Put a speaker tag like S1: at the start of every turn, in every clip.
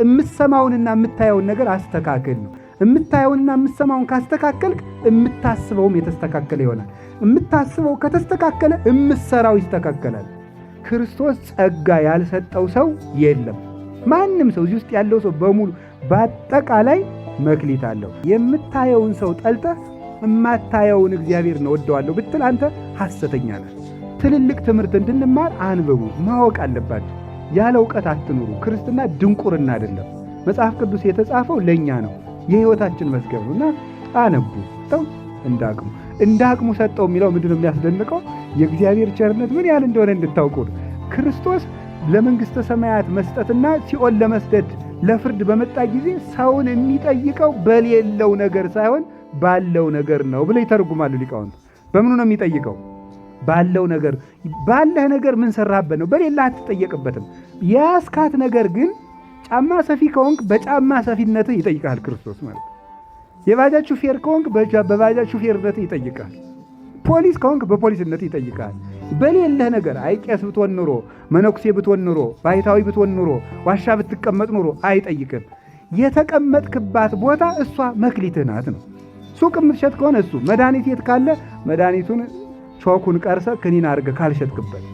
S1: የምትሰማውንና የምታየውን ነገር አስተካክል ነው። የምታየውንና የምትሰማውን ካስተካከልክ የምታስበውም የተስተካከለ ይሆናል። የምታስበው ከተስተካከለ የምትሰራው ይስተካከላል። ክርስቶስ ጸጋ ያልሰጠው ሰው የለም። ማንም ሰው እዚህ ውስጥ ያለው ሰው በሙሉ በአጠቃላይ መክሊት አለው። የምታየውን ሰው ጠልተህ የማታየውን እግዚአብሔር ነው ወደዋለሁ ብትል አንተ ሐሰተኛ ነህ። ትልልቅ ትምህርት እንድንማር አንብቡ፣ ማወቅ አለባቸው። ያለ እውቀት አትኑሩ። ክርስትና ድንቁርና አይደለም። መጽሐፍ ቅዱስ የተጻፈው ለእኛ ነው፣ የህይወታችን መዝገብ ነው እና አነቡ ሰው እንዳቅሙ እንዳቅሙ ሰጠው የሚለው ምንድን ነው የሚያስደንቀው? የእግዚአብሔር ቸርነት ምን ያህል እንደሆነ እንድታውቁ ክርስቶስ ለመንግሥተ ሰማያት መስጠትና ሲኦል ለመስደድ ለፍርድ በመጣ ጊዜ ሰውን የሚጠይቀው በሌለው ነገር ሳይሆን ባለው ነገር ነው ብለው ይተርጉማሉ ሊቃውንት። በምኑ ነው የሚጠይቀው? ባለው ነገር ባለህ ነገር ምን ሰራህበት ነው። በሌላ አትጠየቅበትም። የያስካት ነገር ግን ጫማ ሰፊ ከሆንክ በጫማ ሰፊነትህ ይጠይቃል ክርስቶስ ማለት። የባጃጅ ሹፌር ከሆንክ በባጃጅ ሹፌርነትህ ይጠይቃል። ፖሊስ ከሆንክ በፖሊስነትህ ይጠይቃል። በሌለህ ነገር አይቄስ ብትሆን ኑሮ፣ መነኩሴ ብትሆን ኑሮ፣ ባይታዊ ብትሆን ኑሮ፣ ዋሻ ብትቀመጥ ኑሮ አይጠይቅም። የተቀመጥክባት ቦታ እሷ መክሊትህ ናት ነው። ሱቅ የምትሸጥ ከሆነ እሱ መድኃኒት የት ካለ መድኃኒቱን ቾኩን ቀርሰ ክኒን አድርገ ካልሸጥክበት፣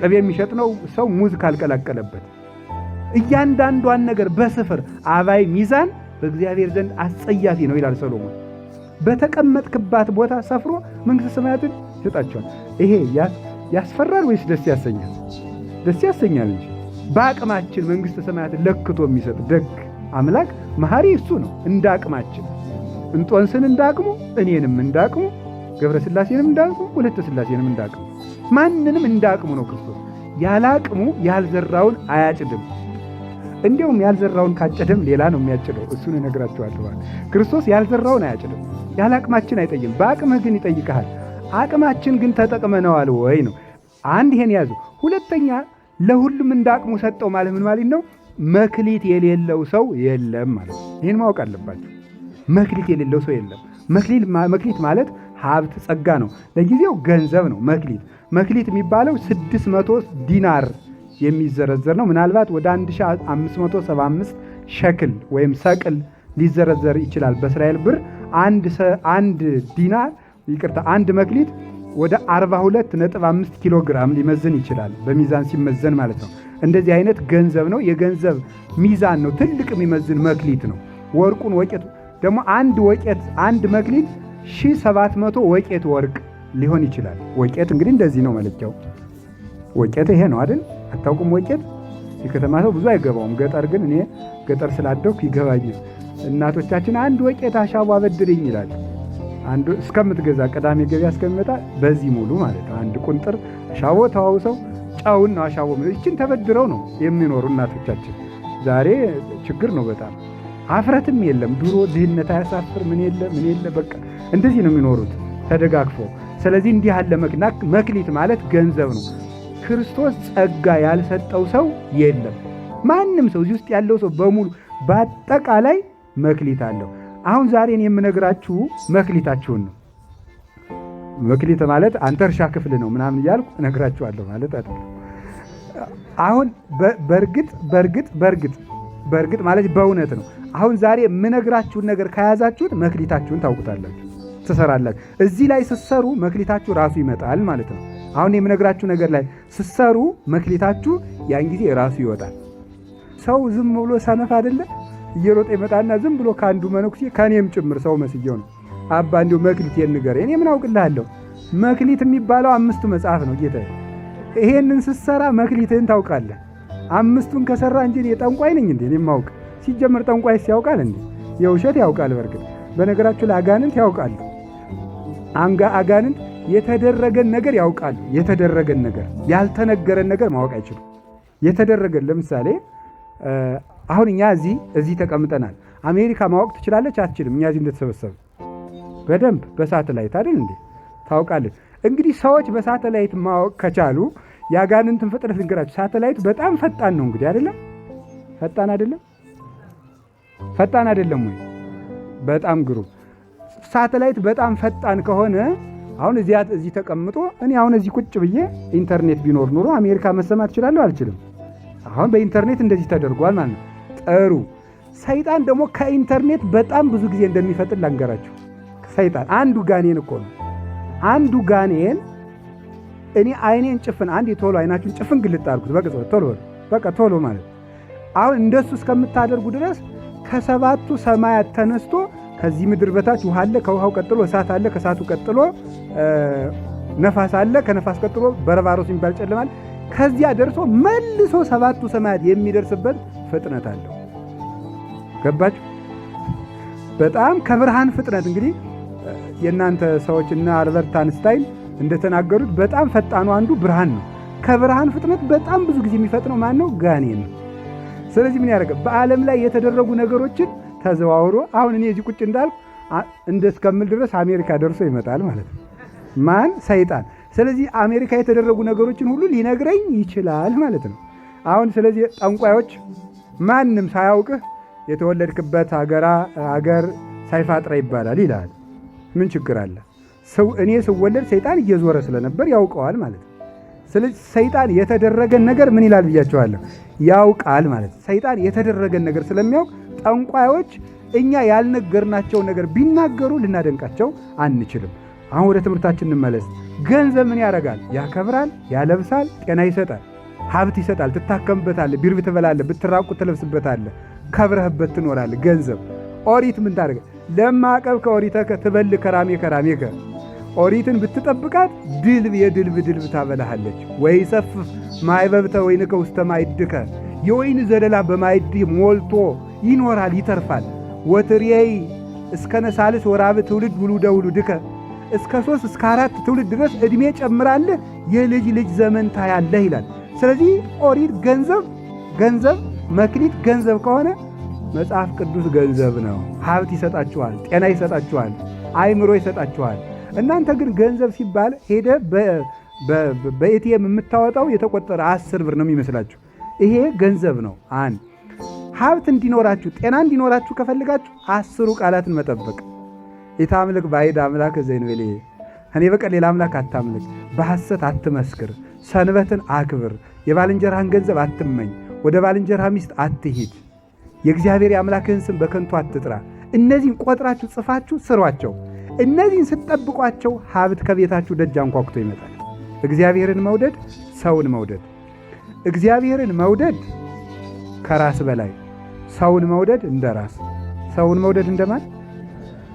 S1: ቅቤ የሚሸጥ ነው ሰው ሙዝ ካልቀላቀለበት፣ እያንዳንዷን ነገር በስፍር አባይ ሚዛን በእግዚአብሔር ዘንድ አስጸያፊ ነው ይላል ሰሎሞን። በተቀመጥክባት ቦታ ሰፍሮ መንግሥተ ሰማያትን ይሰጣቸዋል። ይሄ ያስፈራል ወይስ ደስ ያሰኛል? ደስ ያሰኛል እንጂ በአቅማችን መንግሥተ ሰማያትን ለክቶ የሚሰጥ ደግ አምላክ መሐሪ እሱ ነው። እንደ አቅማችን እንጦንስን እንዳቅሙ እኔንም እንዳቅሙ ገብረ ሥላሴንም እንዳቅሙ ወለተ ሥላሴንም እንዳቅሙ ማንንም እንዳቅሙ ነው ክርስቶስ። ያለ አቅሙ ያልዘራውን አያጭድም። እንዲያውም ያልዘራውን ካጨደም ሌላ ነው የሚያጭደው። እሱን እነግራቸዋለሁ። ክርስቶስ ያልዘራውን አያጭድም። ያለ አቅማችን አይጠይም። በአቅምህ ግን ይጠይቀሃል። አቅማችን ግን ተጠቅመነዋል ወይ ነው። አንድ ይሄን ያዙ። ሁለተኛ ለሁሉም እንዳቅሙ ሰጠው ማለት ምን ማለት ነው? መክሊት የሌለው ሰው የለም ማለት ነው። ይህን ማወቅ አለባቸው። መክሊት የሌለው ሰው የለም። መክሊት ማለት ሀብት ጸጋ ነው። ለጊዜው ገንዘብ ነው። መክሊት መክሊት የሚባለው 600 ዲናር የሚዘረዘር ነው። ምናልባት ወደ 1575 ሸክል ወይም ሰቅል ሊዘረዘር ይችላል። በእስራኤል ብር አንድ ዲናር ይቅርታ፣ አንድ መክሊት ወደ 42.5 ኪሎ ግራም ሊመዝን ይችላል። በሚዛን ሲመዘን ማለት ነው። እንደዚህ አይነት ገንዘብ ነው። የገንዘብ ሚዛን ነው። ትልቅ የሚመዝን መክሊት ነው። ወርቁን ወቄት ደግሞ አንድ ወቄት አንድ መክሊት ሺህ ሰባት መቶ ወቄት ወርቅ ሊሆን ይችላል። ወቄት እንግዲህ እንደዚህ ነው መለኪያው። ወቄት ይሄ ነው አይደል? አታውቁም? ወቄት የከተማ ሰው ብዙ አይገባውም። ገጠር ግን እኔ ገጠር ስላደኩ ይገባኛል። እናቶቻችን አንድ ወቄት አሻቦ አበድርኝ ይላል። አንዱ እስከምትገዛ ቅዳሜ ገበያ እስከሚመጣ በዚህ ሙሉ ማለት ነው። አንድ ቁንጥር አሻቦ ተዋውሰው ጫውን ነው አሻቦ ይችን ተበድረው ነው የሚኖሩ እናቶቻችን። ዛሬ ችግር ነው በጣም አፍረትም የለም። ድሮ ድህነት አያሳፍር ምን የለ ምን የለ በቃ እንደዚህ ነው የሚኖሩት ተደጋግፎ። ስለዚህ እንዲህ ያለ መክሊት ማለት ገንዘብ ነው። ክርስቶስ ጸጋ ያልሰጠው ሰው የለም። ማንም ሰው እዚህ ውስጥ ያለው ሰው በሙሉ በአጠቃላይ መክሊት አለው። አሁን ዛሬን የምነግራችሁ መክሊታችሁን ነው። መክሊት ማለት አንተ እርሻ ክፍል ነው ምናምን እያልኩ እነግራችኋለሁ ማለት አይደለም። አሁን በእርግጥ በእርግጥ በእርግጥ በእርግጥ ማለት በእውነት ነው። አሁን ዛሬ የምነግራችሁን ነገር ከያዛችሁት መክሊታችሁን ታውቁታላችሁ። ትሰራላችሁ። እዚህ ላይ ስትሰሩ መክሊታችሁ ራሱ ይመጣል ማለት ነው። አሁን የምነግራችሁ ነገር ላይ ስትሰሩ መክሊታችሁ ያን ጊዜ ራሱ ይወጣል። ሰው ዝም ብሎ ሰነፍ አይደለ እየሮጠ ይመጣና ዝም ብሎ ከአንዱ መነኩሴ ከእኔም ጭምር ሰው መስየው ነው አባ እንዲሁ መክሊት የንገር እኔ ምን አውቅልሃለሁ። መክሊት የሚባለው አምስቱ መጽሐፍ ነው ጌታ። ይሄንን ስትሰራ መክሊትህን ታውቃለህ። አምስቱን ከሰራ እንጂ የጠንቋይ ነኝ እንዴ እኔ ማውቅ ሲጀምር ጠንቋይ ሲያውቃል እንዴ የውሸት ያውቃል። በርግጥ በነገራችሁ ላይ አጋንንት ያውቃሉ። አንጋ አጋንንት የተደረገን ነገር ያውቃል። የተደረገን ነገር ያልተነገረን ነገር ማወቅ አይችሉም። የተደረገን ለምሳሌ አሁን እኛ እዚህ እዚህ ተቀምጠናል። አሜሪካ ማወቅ ትችላለች አትችልም? እኛ እዚህ እንደተሰበሰብ በደንብ በሳተላይት አይደል እንዴ ታውቃለች። እንግዲህ ሰዎች በሳተላይት ማወቅ ከቻሉ የአጋንንትን ፍጥነት ንገራቸው ሳተላይት በጣም ፈጣን ነው እንግዲህ አይደለም? ፈጣን አይደለም? ፈጣን አይደለም ወይ? በጣም ግሩም ሳተላይት በጣም ፈጣን ከሆነ አሁን እዚያ እዚህ ተቀምጦ እኔ አሁን እዚህ ቁጭ ብዬ ኢንተርኔት ቢኖር ኑሮ አሜሪካ መሰማት እችላለሁ አልችልም። አሁን በኢንተርኔት እንደዚህ ተደርጓል ማለት ነው። ጥሩ ሰይጣን ደግሞ ከኢንተርኔት በጣም ብዙ ጊዜ እንደሚፈጥን ላንገራችሁ። ሰይጣን አንዱ ጋኔን እኮ ነው። አንዱ ጋኔን እኔ አይኔን ጭፍን አንድ የቶሎ አይናችሁን ጭፍን ግልጥ አድርጉት። በቅጽበት ቶሎ በቃ ቶሎ ማለት አሁን እንደሱ እስከምታደርጉ ድረስ ከሰባቱ ሰማያት ተነስቶ ከዚህ ምድር በታች ውሃ አለ፣ ከውሃው ቀጥሎ እሳት አለ፣ ከእሳቱ ቀጥሎ ነፋስ አለ፣ ከነፋስ ቀጥሎ በረባሮስ የሚባል ጨለማል። ከዚያ ደርሶ መልሶ ሰባቱ ሰማያት የሚደርስበት ፍጥነት አለው። ገባችሁ? በጣም ከብርሃን ፍጥነት እንግዲህ የእናንተ ሰዎች እና አልበርት አንስታይን እንደተናገሩት በጣም ፈጣኑ አንዱ ብርሃን ነው። ከብርሃን ፍጥነት በጣም ብዙ ጊዜ የሚፈጥነው ማን ነው? ጋኔን ነው። ስለዚህ ምን ያደርገ በዓለም ላይ የተደረጉ ነገሮችን ተዘዋውሮ አሁን እኔ እዚህ ቁጭ እንዳልኩ እንደ እስከምል ድረስ አሜሪካ ደርሶ ይመጣል ማለት ነው። ማን ሰይጣን። ስለዚህ አሜሪካ የተደረጉ ነገሮችን ሁሉ ሊነግረኝ ይችላል ማለት ነው። አሁን ስለዚህ ጠንቋዮች ማንም ሳያውቅህ የተወለድክበት አገራ አገር ሳይፋጥረ ይባላል ይላል። ምን ችግር አለ? እኔ ስወለድ ሰይጣን እየዞረ ስለነበር ያውቀዋል ማለት ነው። ስለዚህ ሰይጣን የተደረገን ነገር ምን ይላል ብያቸዋለሁ፣ ያውቃል ማለት ነው። ሰይጣን የተደረገን ነገር ስለሚያውቅ ጠንቋዮች እኛ ያልነገርናቸው ነገር ቢናገሩ ልናደንቃቸው አንችልም። አሁን ወደ ትምህርታችን እንመለስ። ገንዘብ ምን ያደርጋል? ያከብራል፣ ያለብሳል፣ ጤና ይሰጣል፣ ሀብት ይሰጣል። ትታከምበታለህ፣ ቢርብ ትበላለህ፣ ብትራቁ ትለብስበታለህ፣ ከብረህበት ትኖራለህ። ገንዘብ ኦሪት ምን ታደርገ? ለማቀብ ከኦሪተከ ትበል ከራሜ ከ ኦሪትን ብትጠብቃት ድልብ የድልብ ድልብ ታበላሃለች። ሰፍፍ ማይበብተ ወይንከ ውስተ ማይድከ የወይን ዘለላ በማይድህ ሞልቶ ይኖራል፣ ይተርፋል። ወትሬይ እስከ ነሳልስ ወራብ ትውልድ ውሉደ ውሉድከ እስከ ሦስት እስከ አራት ትውልድ ድረስ ዕድሜ ጨምራለህ፣ የልጅ ልጅ ዘመን ታያለህ ይላል። ስለዚህ ኦሪት ገንዘብ ገንዘብ መክሊት ገንዘብ ከሆነ መጽሐፍ ቅዱስ ገንዘብ ነው። ሀብት ይሰጣችኋል፣ ጤና ይሰጣችኋል፣ አእምሮ ይሰጣችኋል። እናንተ ግን ገንዘብ ሲባል ሄደ በኤቲኤም የምታወጣው የተቆጠረ አስር ብር ነው የሚመስላችሁ። ይሄ ገንዘብ ነው። አንድ ሀብት እንዲኖራችሁ ጤና እንዲኖራችሁ ከፈልጋችሁ አስሩ ቃላትን መጠበቅ የታምልክ ባይድ አምላክ ዘይንቤሌ እኔ በቀር ሌላ አምላክ አታምልክ፣ በሐሰት አትመስክር፣ ሰንበትን አክብር፣ የባልንጀራህን ገንዘብ አትመኝ፣ ወደ ባልንጀራህ ሚስት አትሂድ፣ የእግዚአብሔር የአምላክህን ስም በከንቱ አትጥራ። እነዚህን ቆጥራችሁ ጽፋችሁ ስሯቸው። እነዚህን ስትጠብቋቸው ሀብት ከቤታችሁ ደጅ አንኳኩቶ ይመጣል። እግዚአብሔርን መውደድ፣ ሰውን መውደድ፣ እግዚአብሔርን መውደድ ከራስ በላይ ሰውን መውደድ እንደ ራስ ሰውን መውደድ እንደማን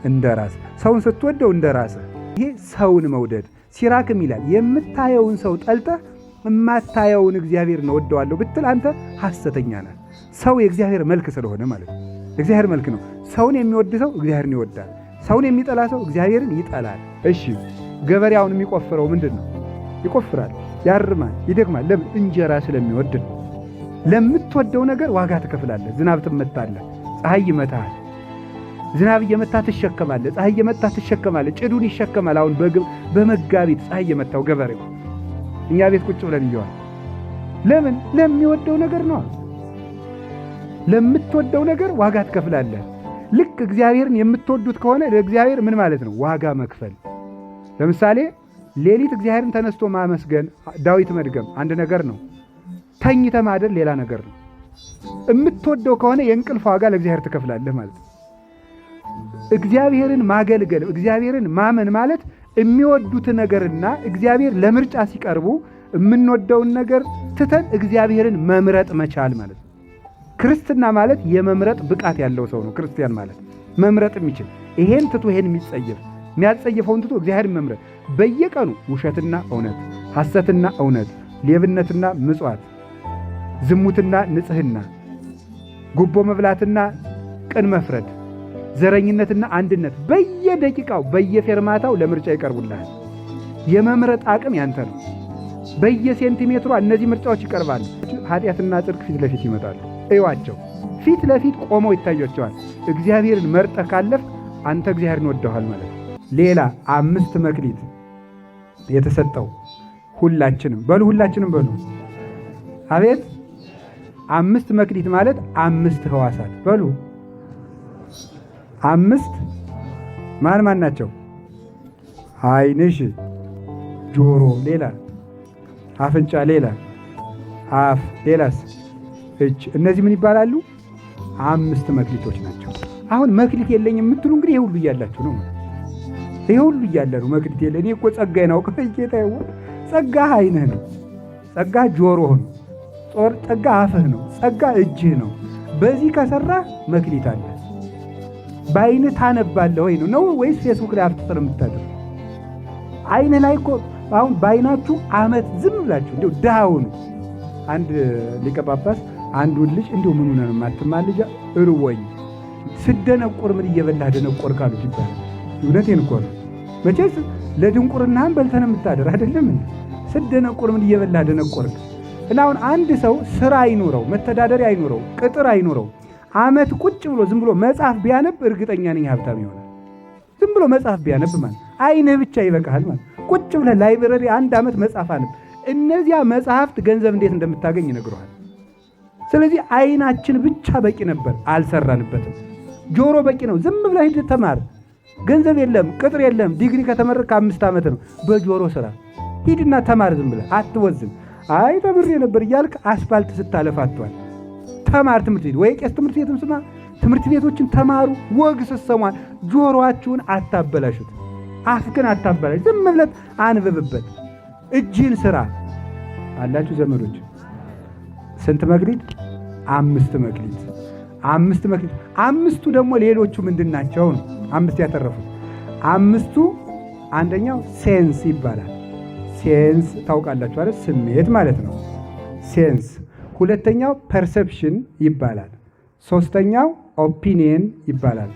S1: እንደ ራስ ሰውን ስትወደው እንደ ራስ ይሄ ሰውን መውደድ ሲራክም ይላል የምታየውን ሰው ጠልተህ የማታየውን እግዚአብሔርን ወደዋለሁ ብትል አንተ ሐሰተኛ ነህ። ሰው የእግዚአብሔር መልክ ስለሆነ ማለት ነው። እግዚአብሔር መልክ ነው። ሰውን የሚወድ ሰው እግዚአብሔርን ይወዳል። ሰውን የሚጠላ ሰው እግዚአብሔርን ይጠላል። እሺ ገበሬ አሁን የሚቆፍረው ምንድን ነው? ይቆፍራል፣ ያርማል፣ ይደግማል። ለምን? እንጀራ ስለሚወድ ነው። ለምትወደው ነገር ዋጋ ትከፍላለህ። ዝናብ ትመታለህ፣ ፀሐይ ይመታል ዝናብ እየመታ ትሸከማለህ፣ ፀሐይ እየመታ ትሸከማለህ። ጭዱን ይሸከማል። አሁን በመጋቢት ፀሐይ እየመታው ገበሬው እኛ ቤት ቁጭ ብለን እየዋል። ለምን? ለሚወደው ነገር ነው። ለምትወደው ነገር ዋጋ ትከፍላለህ። ልክ እግዚአብሔርን የምትወዱት ከሆነ ለእግዚአብሔር ምን ማለት ነው? ዋጋ መክፈል። ለምሳሌ ሌሊት እግዚአብሔርን ተነስቶ ማመስገን፣ ዳዊት መድገም አንድ ነገር ነው። ተኝተ ማደር ሌላ ነገር ነው። የምትወደው ከሆነ የእንቅልፍ ዋጋ ለእግዚአብሔር ትከፍላለህ ማለት ነው። እግዚአብሔርን ማገልገል እግዚአብሔርን ማመን ማለት የሚወዱት ነገርና እግዚአብሔር ለምርጫ ሲቀርቡ የምንወደውን ነገር ትተን እግዚአብሔርን መምረጥ መቻል ማለት ነው። ክርስትና ማለት የመምረጥ ብቃት ያለው ሰው ነው። ክርስቲያን ማለት መምረጥ የሚችል ይሄን ትቶ ይሄን የሚጸየፍ የሚያጸየፈውን ትቶ እግዚአብሔር መምረጥ በየቀኑ ውሸትና እውነት፣ ሐሰትና እውነት፣ ሌብነትና ምጽዋት ዝሙትና ንጽህና፣ ጉቦ መብላትና ቅን መፍረድ፣ ዘረኝነትና አንድነት በየደቂቃው በየፌርማታው ለምርጫ ይቀርቡልሃል። የመምረጥ አቅም ያንተ ነው። በየሴንቲሜትሯ እነዚህ ምርጫዎች ይቀርባሉ። ኃጢአትና ጽድቅ ፊት ለፊት ይመጣሉ። እዩዋቸው፣ ፊት ለፊት ቆመው ይታያቸዋል። እግዚአብሔርን መርጠህ ካለፍ አንተ እግዚአብሔርን ወደኋል ማለት ነው። ሌላ አምስት መክሊት የተሰጠው ሁላችንም በሉ፣ ሁላችንም በሉ አቤት አምስት መክሊት ማለት አምስት ህዋሳት በሉ። አምስት ማን ማን ናቸው? አይንሽ፣ ጆሮ፣ ሌላ አፍንጫ፣ ሌላ አፍ፣ ሌላስ እጅ። እነዚህ ምን ይባላሉ? አምስት መክሊቶች ናቸው። አሁን መክሊት የለኝ የምትሉ እንግዲህ ይሄ ሁሉ እያላችሁ ነው። ይሄ ሁሉ እያለ ነው መክሊት የለ። እኔ እኮ ጸጋዬን ነው ጌታ፣ ጸጋህ አይንህ ነው፣ ጸጋህ ጆሮህ ነው ጦር ጸጋ አፍህ ነው፣ ጸጋ እጅህ ነው። በዚህ ከሰራ መክሊት አለ። በአይን ታነባለህ ወይ ነው ነው ወይስ ፌስቡክ ላይ አፍጥጥር የምታደርግ አይን ላይ እኮ አሁን በአይናችሁ አመት ዝም ብላችሁ እንዲሁ ድሃውኑ አንድ ሊቀ ጳጳስ አንዱን ልጅ እንዲሁ ምን ሆነ ነው ልጅ እርወኝ ስደነቁር ምን እየበላህ ደነቆር ካሉ ይባላል። እውነቴን እኮ ነው። መቼስ ለድንቁርናህም በልተን የምታደር አይደለም። ስደነቁር ምን እየበላህ ደነቆርክ እና አሁን አንድ ሰው ስራ አይኑረው፣ መተዳደሪያ አይኑረው፣ ቅጥር አይኑረው፣ አመት ቁጭ ብሎ ዝም ብሎ መጽሐፍ ቢያነብ እርግጠኛ ነኝ ሀብታም ይሆናል። ዝም ብሎ መጽሐፍ ቢያነብ ማለት አይንህ ብቻ ይበቃሃል ማለት ቁጭ ብለህ ላይብረሪ አንድ አመት መጽሐፍ አነብ። እነዚያ መጽሐፍት ገንዘብ እንዴት እንደምታገኝ ይነግረዋል። ስለዚህ አይናችን ብቻ በቂ ነበር፣ አልሰራንበትም። ጆሮ በቂ ነው። ዝም ብለህ ሂድ ተማር። ገንዘብ የለም፣ ቅጥር የለም። ዲግሪ ከተመረቅህ አምስት ዓመት ነው። በጆሮ ስራ ሂድና ተማር። ዝም ብለህ አትወዝን። አይ ተምሬ ነበር እያልክ አስፋልት ስታለፋቷል። ተማር ትምህርት ቤት ወይ ቄስ ትምህርት ቤትም ስማ። ትምህርት ቤቶችን ተማሩ። ወግ ስሰሟል። ጆሮአችሁን አታበላሹት። አፍክን አታበላሹ። ዝም ብለት አንብብበት። እጅን ስራ አላችሁ ዘመዶች። ስንት መክሊት? አምስት መክሊት። አምስት መክሊት። አምስቱ ደግሞ ሌሎቹ ምንድን ናቸው ነው? አምስት ያተረፉት። አምስቱ አንደኛው ሴንስ ይባላል። ሴንስ ታውቃላችሁ አይደል? ስሜት ማለት ነው ሴንስ። ሁለተኛው ፐርሰፕሽን ይባላል። ሶስተኛው ኦፒኒየን ይባላል።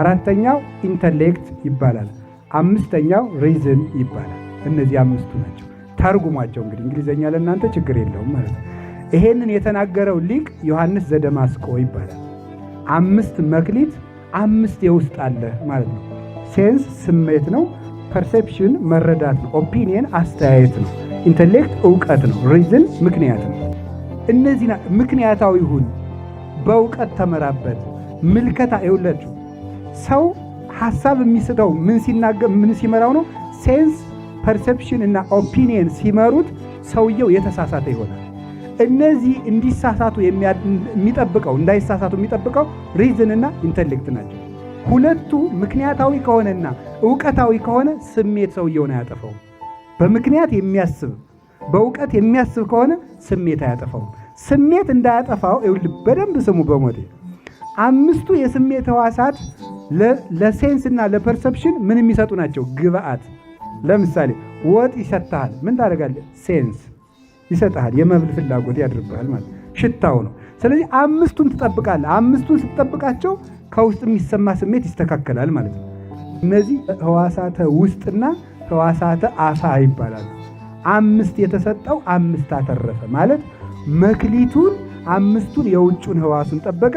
S1: አራተኛው ኢንተሌክት ይባላል። አምስተኛው ሪዝን ይባላል። እነዚህ አምስቱ ናቸው። ተርጉሟቸው እንግዲህ እንግሊዝኛ ለእናንተ ችግር የለውም ማለት ነው። ይሄንን የተናገረው ሊቅ ዮሐንስ ዘደማስቆ ይባላል። አምስት መክሊት አምስት የውስጥ አለ ማለት ነው። ሴንስ ስሜት ነው። ፐርሴፕሽን መረዳት ነው። ኦፒኒየን አስተያየት ነው። ኢንተሌክት እውቀት ነው። ሪዝን ምክንያት ነው። እነዚህ ምክንያታዊ ሁን፣ በእውቀት ተመራበት። ምልከታ ይውላችሁ ሰው ሀሳብ የሚስደው ምን ሲናገር ምን ሲመራው ነው። ሴንስ ፐርሴፕሽን እና ኦፒኒየን ሲመሩት ሰውየው የተሳሳተ ይሆናል። እነዚህ እንዲሳሳቱ የሚጠብቀው እንዳይሳሳቱ የሚጠብቀው ሪዝን እና ኢንተሌክት ናቸው። ሁለቱ ምክንያታዊ ከሆነና እውቀታዊ ከሆነ ስሜት ሰውየውን አያጠፋውም። በምክንያት የሚያስብ በእውቀት የሚያስብ ከሆነ ስሜት አያጠፋውም። ስሜት እንዳያጠፋው ይኸውልህ በደንብ ስሙ። በሞቴ አምስቱ የስሜት ለሴንስ ለሴንስና ለፐርሰፕሽን ምን የሚሰጡ ናቸው? ግብአት። ለምሳሌ ወጥ ይሰጥሃል። ምን ታደርጋለህ? ሴንስ ይሰጥሃል። የመብል ፍላጎት ያድርብሃል ማለት ሽታው ነው። ስለዚህ አምስቱን ትጠብቃለህ። አምስቱን ስትጠብቃቸው ከውስጥ የሚሰማ ስሜት ይስተካከላል ማለት ነው። እነዚህ ህዋሳተ ውስጥና ህዋሳተ አፋ ይባላሉ። አምስት የተሰጠው አምስት አተረፈ ማለት መክሊቱን አምስቱን የውጩን ህዋሱን ጠበቀ፣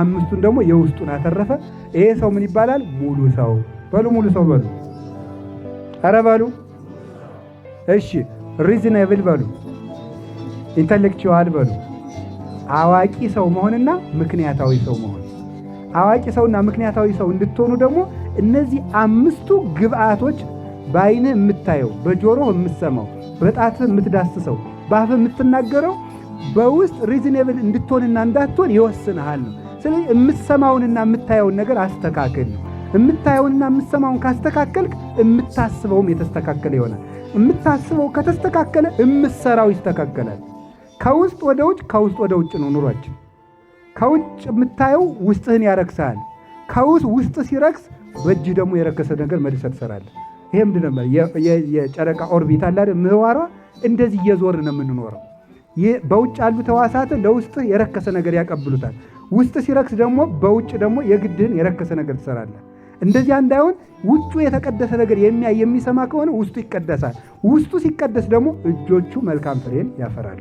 S1: አምስቱን ደግሞ የውስጡን አተረፈ። ይሄ ሰው ምን ይባላል? ሙሉ ሰው በሉ። ሙሉ ሰው በሉ። ኧረ በሉ። እሺ ሪዝነብል በሉ። ኢንተሌክቹዋል በሉ። አዋቂ ሰው መሆንና ምክንያታዊ ሰው መሆን። አዋቂ ሰውና ምክንያታዊ ሰው እንድትሆኑ ደግሞ እነዚህ አምስቱ ግብአቶች በአይን የምታየው፣ በጆሮ የምትሰማው፣ በጣት የምትዳስሰው፣ በአፍ የምትናገረው በውስጥ ሪዝኔብል እንድትሆንና እንዳትሆን ይወስንሃል ነው። ስለዚህ የምትሰማውንና የምታየውን ነገር አስተካክል ነው። የምታየውንና የምትሰማውን ካስተካከልክ የምታስበውም የተስተካከለ ይሆናል። የምታስበው ከተስተካከለ የምትሰራው ይስተካከላል። ከውስጥ ወደ ውጭ ከውስጥ ወደ ውጭ ነው ኑሯችን። ከውጭ የምታየው ውስጥህን ያረክሳል። ከውስጥ ውስጥ ሲረክስ በእጅ ደግሞ የረከሰ ነገር መልሰ ትሰራለ። ይሄ ምንድን ነበር? የጨረቃ ኦርቢት አለ ምህዋሯ እንደዚህ እየዞር ነው የምንኖረው። በውጭ ያሉ ተዋሳትን ለውስጥ የረከሰ ነገር ያቀብሉታል። ውስጥ ሲረክስ ደግሞ በውጭ ደግሞ የግድህን የረከሰ ነገር ትሰራለ። እንደዚያ እንዳይሆን ውጩ የተቀደሰ ነገር የሚያይ የሚሰማ ከሆነ ውስጡ ይቀደሳል። ውስጡ ሲቀደስ ደግሞ እጆቹ መልካም ፍሬን ያፈራሉ።